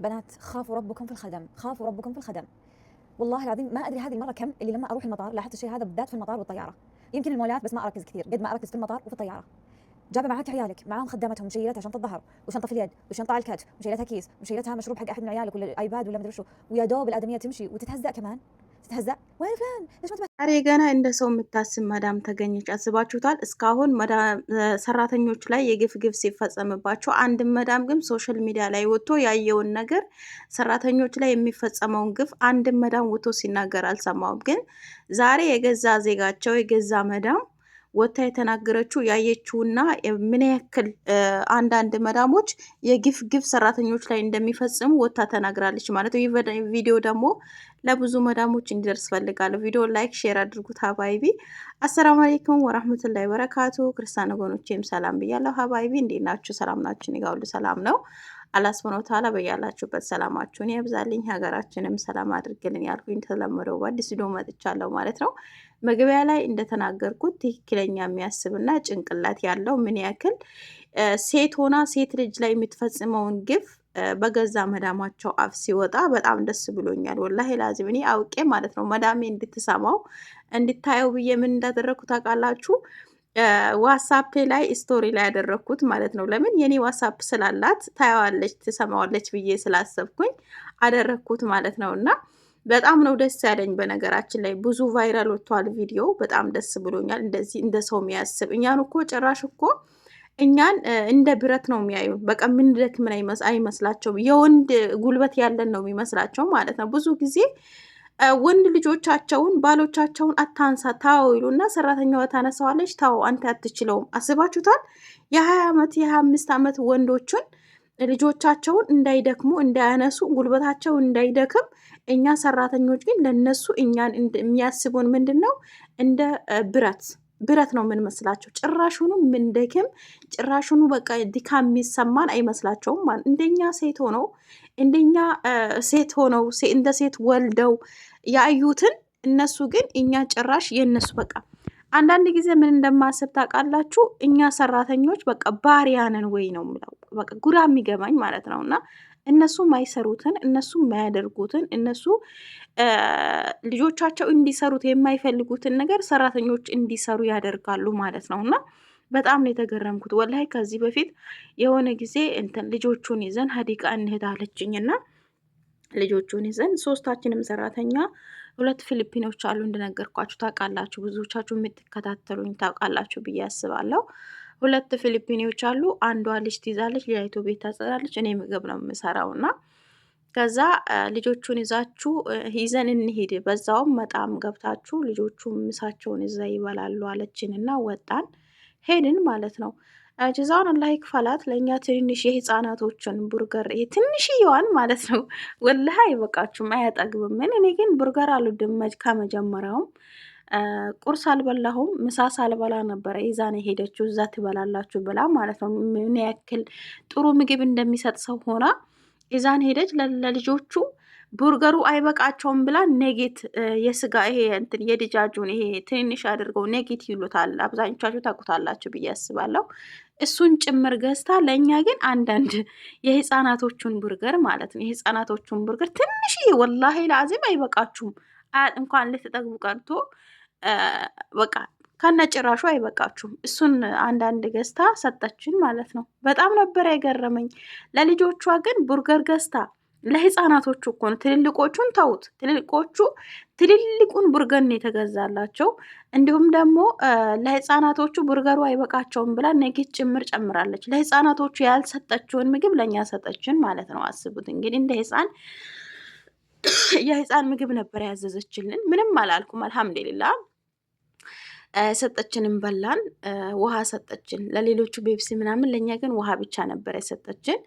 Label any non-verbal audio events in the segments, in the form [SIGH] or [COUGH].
بنات خافوا ربكم في الخدم خافوا ربكم في الخدم والله العظيم ما ادري هذه المره كم اللي لما اروح المطار لاحظت الشيء هذا بالذات في المطار والطياره يمكن المولات بس ما اركز كثير قد ما اركز في المطار وفي الطياره جابه معاك عيالك معاهم خدامتهم مشيلتها شنطه ظهر وشنطه في اليد وشنطه على الكتف وشيلتها كيس وشيلتها مشروب حق احد من عيالك ولا الايباد ولا مدري شو ويا دوب الادميه تمشي وتتهزأ كمان ከዛ ዛሬ ገና እንደ ሰው የምታስብ መዳም ተገኘች። አስባችሁታል? እስካሁን ሰራተኞች ላይ የግፍ ግፍ ሲፈጸምባቸው፣ አንድ መዳም ግን ሶሻል ሚዲያ ላይ ወጥቶ ያየውን ነገር ሰራተኞች ላይ የሚፈጸመውን ግፍ አንድ መዳም ወጥቶ ሲናገር አልሰማውም። ግን ዛሬ የገዛ ዜጋቸው የገዛ መዳም ወታ የተናገረችው ያየችውና ምን ያክል አንዳንድ መዳሞች የግፍ ግፍ ሰራተኞች ላይ እንደሚፈጽሙ ወታ ተናግራለች ማለት ነው። ይህ ቪዲዮ ደግሞ ለብዙ መዳሞች እንዲደርስ ፈልጋለሁ። ቪዲዮ ላይክ፣ ሼር አድርጉት ሀባይቢ። አሰላሙ አሌይኩም ወራህመቱላይ በረካቱ። ክርስቲያን ወገኖቼም ሰላም ብያለሁ ሀባይቢ። እንዴት ናችሁ? ሰላም ናችሁ? እኔ ጋ ሁሉ ሰላም ነው። አላህ ሱብሐነሁ ወተዓላ በያላችሁበት ሰላማችሁን ያብዛልኝ፣ ሀገራችንም ሰላም አድርግልን ያልኩኝ ተለምደው በአዲስ ዶ መጥቻለሁ ማለት ነው። መግቢያ ላይ እንደተናገርኩት ትክክለኛ የሚያስብና ጭንቅላት ያለው ምን ያክል ሴት ሆና ሴት ልጅ ላይ የምትፈጽመውን ግፍ በገዛ መዳማቸው አፍ ሲወጣ በጣም ደስ ብሎኛል። ወላሂ ላዚም እኔ አውቄ ማለት ነው መዳሜ እንድትሰማው እንድታየው ብዬ ምን እንዳደረግኩ ታውቃላችሁ? ዋትሳፕ ላይ ስቶሪ ላይ ያደረግኩት ማለት ነው። ለምን የኔ ዋትሳፕ ስላላት ታየዋለች፣ ትሰማዋለች ብዬ ስላሰብኩኝ አደረግኩት ማለት ነው። እና በጣም ነው ደስ ያለኝ። በነገራችን ላይ ብዙ ቫይራል ወጥቷል ቪዲዮ፣ በጣም ደስ ብሎኛል። እንደዚህ እንደ ሰው የሚያስብ እኛን እኮ ጭራሽ እኮ እኛን እንደ ብረት ነው የሚያዩን። በቃ ምንደክምን አይመስላቸውም። የወንድ ጉልበት ያለን ነው የሚመስላቸው ማለት ነው ብዙ ጊዜ ወንድ ልጆቻቸውን ባሎቻቸውን አታንሳ ታው ይሉና ሰራተኛዋ ታነሳዋለች። ታው አንተ አትችለውም። አስባችሁታል? የሀያ ዓመት የሀያ አምስት ዓመት ወንዶችን ልጆቻቸውን እንዳይደክሙ እንዳያነሱ ጉልበታቸው እንዳይደክም እኛ ሰራተኞች ግን ለነሱ እኛን የሚያስቡን ምንድን ነው? እንደ ብረት ብረት ነው የምንመስላቸው። ጭራሹኑ ምንደክም ጭራሹኑ በቃ ድካም የሚሰማን አይመስላቸውም። እንደኛ ሴት ሆነው እንደኛ ሴት ሆነው እንደ ሴት ወልደው ያዩትን እነሱ ግን እኛ ጭራሽ የእነሱ በቃ አንዳንድ ጊዜ ምን እንደማስብ ታውቃላችሁ? እኛ ሰራተኞች በቃ ባሪያንን ወይ ነው የምለው። በቃ ጉራ የሚገባኝ ማለት ነው። እና እነሱ ማይሰሩትን እነሱ ማያደርጉትን እነሱ ልጆቻቸው እንዲሰሩት የማይፈልጉትን ነገር ሰራተኞች እንዲሰሩ ያደርጋሉ ማለት ነው። እና በጣም ነው የተገረምኩት ወላይ ከዚህ በፊት የሆነ ጊዜ እንትን ልጆቹን ይዘን ሀዲቃ እንሄዳለችኝ እና ልጆቹን ይዘን ሶስታችንም ሰራተኛ ሁለት ፊሊፒኖች አሉ። እንደነገርኳችሁ ታውቃላችሁ፣ ብዙዎቻችሁ የምትከታተሉኝ ታውቃላችሁ ብዬ አስባለሁ። ሁለት ፊሊፒኖች አሉ። አንዷ ልጅ ትይዛለች፣ ሌላይቱ ቤት ታጸዳለች። እኔ ምግብ ነው የምሰራው እና ከዛ ልጆቹን ይዛችሁ ይዘን እንሄድ፣ በዛውም መጣም ገብታችሁ ልጆቹ ምሳቸውን እዛ ይበላሉ አለችን እና ወጣን ሄድን ማለት ነው። ጅዛውን አላህ ይክፈላት። ለእኛ ትንሽ የህፃናቶችን ቡርገር ትንሽ ትንሽዬዋን ማለት ነው። ወላሂ አይበቃችሁም፣ አያጠግብም። እኔ ግን ቡርገር አልወድም ከመጀመሪያውም ቁርስ አልበላሁም፣ ምሳ ሳልበላ ነበረ ይዛ ነው የሄደችው። እዛ ትበላላችሁ ብላ ማለት ነው። ምን ያክል ጥሩ ምግብ እንደሚሰጥ ሰው ሆና ይዛን ሄደች ለልጆቹ ቡርገሩ አይበቃቸውም ብላ ኔጌት የስጋ ይሄ እንትን የድጃጁን ይሄ ትንንሽ አድርገው ኔጌት ይሉታል። አብዛኞቻችሁ ታውቁታላችሁ ብዬ አስባለሁ። እሱን ጭምር ገዝታ ለእኛ ግን አንዳንድ የህፃናቶቹን ቡርገር ማለት ነው የህፃናቶቹን ቡርገር ትንሽዬ ወላሂ ለአዚም አይበቃችሁም። እንኳን ልትጠግቡ ቀርቶ በቃ ከነ ጭራሹ አይበቃችሁም። እሱን አንዳንድ ገዝታ ሰጠችን ማለት ነው። በጣም ነበር የገረመኝ። ለልጆቿ ግን ቡርገር ገዝታ ለህፃናቶቹ እኮ ነው። ትልልቆቹን ተውት። ትልልቆቹ ትልልቁን ቡርገን የተገዛላቸው። እንዲሁም ደግሞ ለህፃናቶቹ ቡርገሩ አይበቃቸውም ብላ ነጌት ጭምር ጨምራለች። ለህፃናቶቹ ያልሰጠችውን ምግብ ለእኛ ሰጠችን ማለት ነው። አስቡት እንግዲህ እንደ ህፃን [COUGHS] የህፃን ምግብ ነበር ያዘዘችልን። ምንም አላልኩም። አልሐምዱሊላ ሰጠችንም በላን። ውሃ ሰጠችን ለሌሎቹ ቤብሲ ምናምን፣ ለእኛ ግን ውሃ ብቻ ነበር የሰጠችን።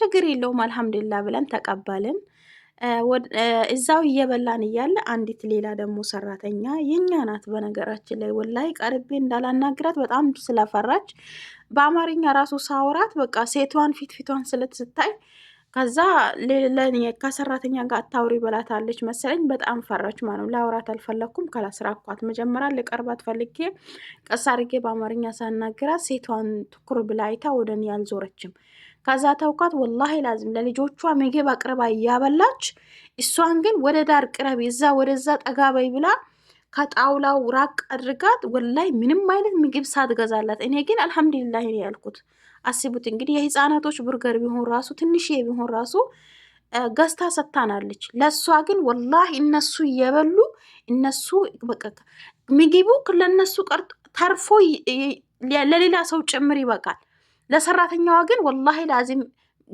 ችግር የለውም አልሐምዱሊላ ብለን ተቀባልን። እዛው እየበላን እያለ አንዲት ሌላ ደግሞ ሰራተኛ የእኛ ናት። በነገራችን ላይ ወላይ ቀርቤ እንዳላናግራት በጣም ስለፈራች በአማርኛ ራሱ ሳውራት በቃ ሴቷን ፊት ፊቷን ስለት ስታይ ከዛ ለኔ ከሰራተኛ ጋር አታውሪ በላታለች መሰለኝ። በጣም ፈራች ማለት ነው። ላውራት አልፈለኩም ስራ አኳት መጀመሪያ ልቀርባት ፈልጌ ቀስ አድርጌ በአማርኛ ሳናግራት ሴቷን ትኩር ብላ አይታ ወደ እኔ አልዞረችም። ከዛ ተውኳት። ወላሂ ላዝም ለልጆቿ ምግብ አቅርባ እያበላች እሷን ግን ወደ ዳር ቅረብ፣ እዛ ወደዛ ጠጋበይ ብላ ከጣውላው ራቅ አድርጋት። ወላይ ምንም አይነት ምግብ ሳትገዛላት እኔ ግን አልሐምዱሊላህ ያልኩት አስቡት እንግዲህ የህፃናቶች ቡርገር ቢሆን ራሱ ትንሽ ቢሆን ራሱ ገዝታ ሰታናለች። ለእሷ ግን ወላህ እነሱ እየበሉ እነሱ ምግቡ ለእነሱ ቀርቶ ተርፎ ለሌላ ሰው ጭምር ይበቃል። ለሰራተኛዋ ግን ወላሂ ላዚም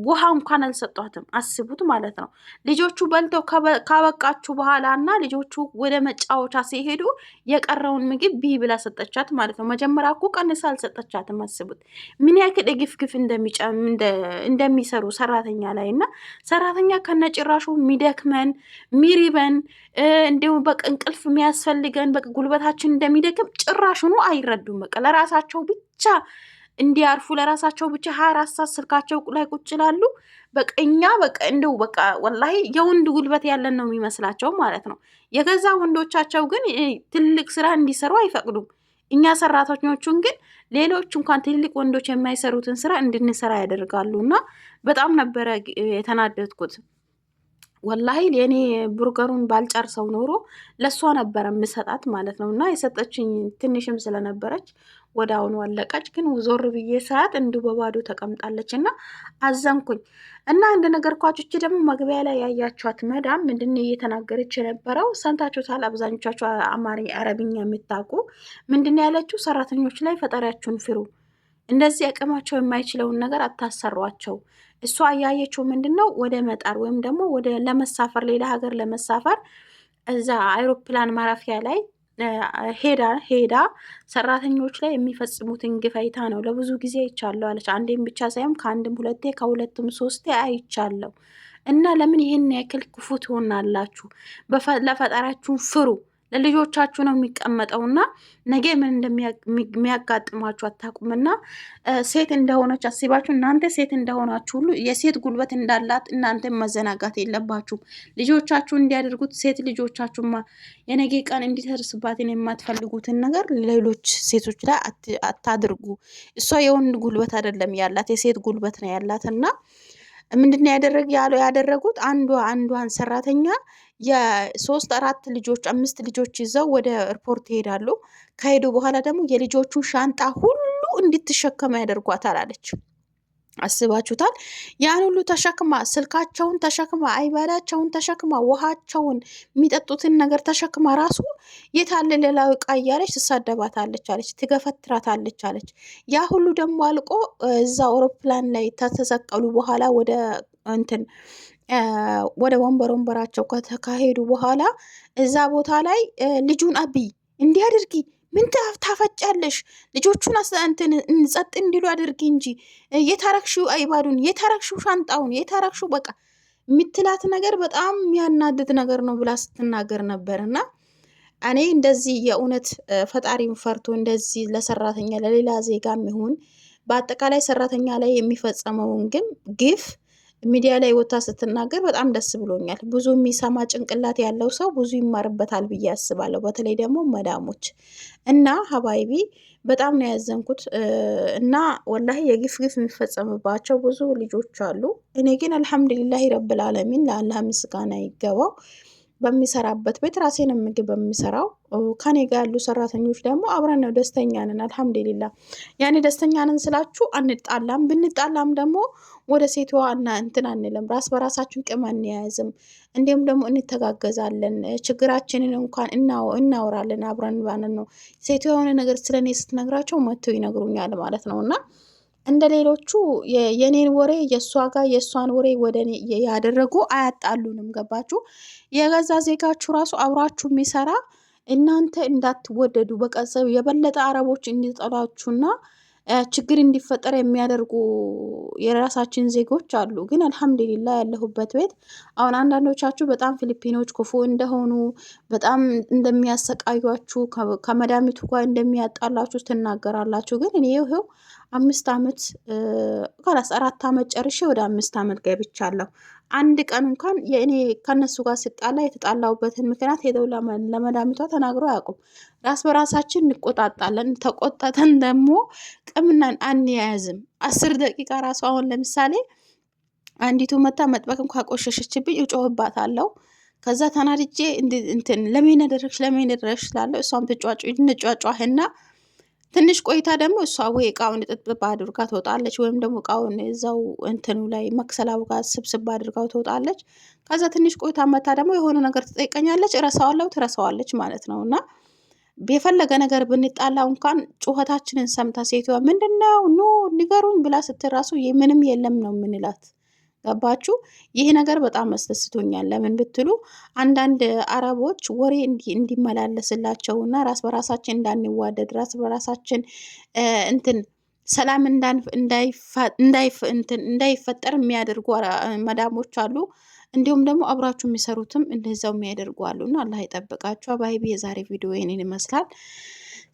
ውሃ እንኳን አልሰጧትም። አስቡት ማለት ነው። ልጆቹ በልተው ካበቃችሁ በኋላ እና ልጆቹ ወደ መጫወቻ ሲሄዱ የቀረውን ምግብ ቢ ብላ ሰጠቻት ማለት ነው። መጀመሪያ እኮ ቀንሳ አልሰጠቻትም። አስቡት ምን ያክል ግፍግፍ እንደሚሰሩ ሰራተኛ ላይ እና ሰራተኛ ከነጭራሹ ሚደክመን ሚሪበን እንዲሁም በቃ እንቅልፍ የሚያስፈልገን በቃ ጉልበታችን እንደሚደክም ጭራሽኑ አይረዱም። በቃ ለራሳቸው ብቻ እንዲያርፉ ለራሳቸው ብቻ ሀያ አራት ሰዓት ስልካቸው ላይ ቁጭ ይላሉ። በቃ እኛ በቃ እንደው በቃ ወላሂ የወንድ ጉልበት ያለን ነው የሚመስላቸው ማለት ነው። የገዛ ወንዶቻቸው ግን ትልቅ ስራ እንዲሰሩ አይፈቅዱም። እኛ ሰራተኞቹን ግን ሌሎች እንኳን ትልቅ ወንዶች የማይሰሩትን ስራ እንድንሰራ ያደርጋሉ። እና በጣም ነበረ የተናደድኩት። ወላሂ የኔ ቡርገሩን ባልጨርሰው ኖሮ ለእሷ ነበረ የምሰጣት ማለት ነው። እና የሰጠችኝ ትንሽም ስለነበረች ወደ አሁኑ አለቃች። ግን ዞር ብዬ ሰዓት እንዲሁ በባዶ ተቀምጣለች እና አዘንኩኝ። እና እንደ ነገር ኳቾች ደግሞ መግቢያ ላይ ያያችኋት መዳም ምንድን እየተናገረች የነበረው ሰምታችሁታል። አብዛኞቻችሁ አማሪ አረብኛ የምታውቁ ምንድን ያለችው ሰራተኞች ላይ ፈጣሪያችሁን ፍሩ እንደዚህ አቅማቸው የማይችለውን ነገር አታሰሯቸው። እሷ እያየችው ምንድን ነው ወደ መጣር ወይም ደግሞ ወደ ለመሳፈር ሌላ ሀገር ለመሳፈር እዛ አይሮፕላን ማረፊያ ላይ ሄዳ ሄዳ ሰራተኞች ላይ የሚፈጽሙትን ግፍ አይታ ነው። ለብዙ ጊዜ አይቻለሁ አለች። አንዴም ብቻ ሳይሆን ከአንድም ሁለቴ ከሁለትም ሶስቴ አይቻለሁ። እና ለምን ይህን ያክል ክፉ ትሆናላችሁ? ለፈጣሪያችሁን ፍሩ። ለልጆቻችሁ ነው የሚቀመጠውና ነገ ምን እንደሚያጋጥማችሁ አታውቁምና ሴት እንደሆነች አስባችሁ እናንተ ሴት እንደሆናችሁ ሁሉ የሴት ጉልበት እንዳላት እናንተ መዘናጋት የለባችሁም። ልጆቻችሁ እንዲያደርጉት ሴት ልጆቻችሁማ የነገ ቀን እንዲደርስባትን የማትፈልጉትን ነገር ሌሎች ሴቶች ላይ አታድርጉ። እሷ የወንድ ጉልበት አይደለም ያላት የሴት ጉልበት ነው ያላት እና ምንድን ነው ያደረግ ያለው ያደረጉት አንዷ አንዷን ሰራተኛ የሶስት አራት ልጆች አምስት ልጆች ይዘው ወደ ኤርፖርት ይሄዳሉ። ከሄዱ በኋላ ደግሞ የልጆቹን ሻንጣ ሁሉ እንድትሸከመ ያደርጓታል አለች። አስባችሁታል? ያን ሁሉ ተሸክማ ስልካቸውን ተሸክማ አይባዳቸውን ተሸክማ ውሃቸውን የሚጠጡትን ነገር ተሸክማ ራሱ የታለ ሌላው ዕቃ እያለች ትሳደባታለች አለች፣ ትገፈትራታለች አለች። ያ ሁሉ ደግሞ አልቆ እዛ አውሮፕላን ላይ ተተሰቀሉ በኋላ ወደ እንትን ወደ ወንበር ወንበራቸው ከሄዱ በኋላ እዛ ቦታ ላይ ልጁን አብይ እንዲህ አድርጊ ምን ታፈጫለሽ? ልጆቹን እንትን ጸጥ እንዲሉ አድርጊ እንጂ የታረክሽ አይባዱን፣ የታረክሽ ሻንጣውን፣ የታረክሽ በቃ የምትላት ነገር በጣም የሚያናድድ ነገር ነው ብላ ስትናገር ነበር። እና እኔ እንደዚህ የእውነት ፈጣሪን ፈርቶ እንደዚህ ለሰራተኛ ለሌላ ዜጋ የሚሆን በአጠቃላይ ሰራተኛ ላይ የሚፈጸመውን ግን ግፍ ሚዲያ ላይ ወታ ስትናገር በጣም ደስ ብሎኛል። ብዙ የሚሰማ ጭንቅላት ያለው ሰው ብዙ ይማርበታል ብዬ አስባለሁ። በተለይ ደግሞ መዳሞች እና ሀባይቢ በጣም ነው ያዘንኩት እና ወላሂ የግፍ ግፍ የሚፈጸምባቸው ብዙ ልጆች አሉ። እኔ ግን አልሐምዱሊላህ ረብል ለአላህ ምስጋና ይገባው በሚሰራበት ቤት ራሴን ምግብ በሚሰራው ከኔ ጋር ያሉ ሰራተኞች ደግሞ አብረን ነው ደስተኛ ነን፣ አልሐምዱሊላ። ያኔ ደስተኛ ነን ስላችሁ አንጣላም። ብንጣላም ደግሞ ወደ ሴትዋ እና እንትን አንልም። ራስ በራሳችን ቅም አንያያዝም። እንዲሁም ደግሞ እንተጋገዛለን። ችግራችንን እንኳን እናወራለን አብረን ባንን ነው። ሴትዋ የሆነ ነገር ስለ እኔ ስትነግራቸው መጥተው ይነግሩኛል ማለት ነው እና እንደ ሌሎቹ የኔን ወሬ የእሷ ጋር የእሷን ወሬ ወደ እኔ ያደረጉ አያጣሉንም። ገባችሁ? የገዛ ዜጋችሁ ራሱ አብራችሁ የሚሰራ እናንተ እንዳትወደዱ በቃ የበለጠ አረቦች እንዲጠሏችሁና ችግር እንዲፈጠር የሚያደርጉ የራሳችን ዜጎች አሉ። ግን አልሐምዱሊላ ያለሁበት ቤት አሁን አንዳንዶቻችሁ በጣም ፊሊፒኖች ክፉ እንደሆኑ በጣም እንደሚያሰቃዩችሁ ከመዳሚቱ ጋር እንደሚያጣላችሁ ትናገራላችሁ። ግን እኔ ይኸው አምስት ዓመት ከላስ አራት ዓመት ጨርሼ ወደ አምስት ዓመት ገብቻለሁ። አንድ ቀን እንኳን የእኔ ከነሱ ጋር ስጣላ የተጣላሁበትን ምክንያት ሄደው ለመዳሚቷ ተናግሮ አያውቁም። ራስ በራሳችን እንቆጣጣለን። ተቆጣተን ደግሞ ቅምናን አንያያዝም። አስር ደቂቃ ራሱ አሁን ለምሳሌ አንዲቱ መታ መጥበቅ መጥበቅም ካቆሸሸችብኝ እጮህባታለሁ። ከዛ ተናድጄ እንትን ለምን ደረግሽ ለምን ደረግሽ እላለሁ። እሷም ትጫጫ እንጫጫህና ትንሽ ቆይታ ደግሞ እሷ ወይ እቃውን ጥጥብ አድርጋ ትወጣለች፣ ወይም ደግሞ እቃውን እዛው እንትኑ ላይ መክሰላው ጋር ስብስብ አድርጋው ትወጣለች። ከዛ ትንሽ ቆይታ መታ ደግሞ የሆነ ነገር ትጠይቀኛለች፣ እረሳዋለሁ፣ ትረሳዋለች ማለት ነው። እና የፈለገ ነገር ብንጣላው እንኳን ጩኸታችንን ሰምታ ሴትዋ ምንድነው ኑ ንገሩን ብላ ስትራሱ ምንም የለም ነው የምንላት። ገባችሁ? ይህ ነገር በጣም አስደስቶኛል። ለምን ብትሉ አንዳንድ አረቦች ወሬ እንዲመላለስላቸው እና ራስ በራሳችን እንዳንዋደድ ራስ በራሳችን እንትን ሰላም እንዳይፈጠር የሚያደርጉ መዳሞች አሉ። እንዲሁም ደግሞ አብራችሁ የሚሰሩትም እንደዛው የሚያደርጉ አሉ እና አላህ ይጠብቃችሁ። አባይቢ የዛሬ ቪዲዮ ይህንን ይመስላል።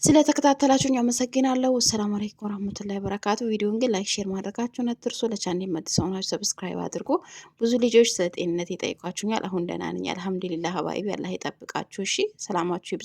ስለተከታተላችሁን ያመሰግናለሁ። ሰላም አለይኩም ወራህመቱላሂ ወበረካቱ። ቪዲዮውን ግን ላይክ፣ ሼር ማድረጋችሁን አትርሱ። ለቻናሌ አዲስ ሆናችሁ ሰብስክራይብ አድርጉ። ብዙ ልጆች ስለ ይጠይቋችሁኛል። አሁን ደህና ነኝ አልሐምዱሊላህ። ሀባይቢ አላህ ይጠብቃችሁ። እሺ ሰላማችሁ ይብዛ።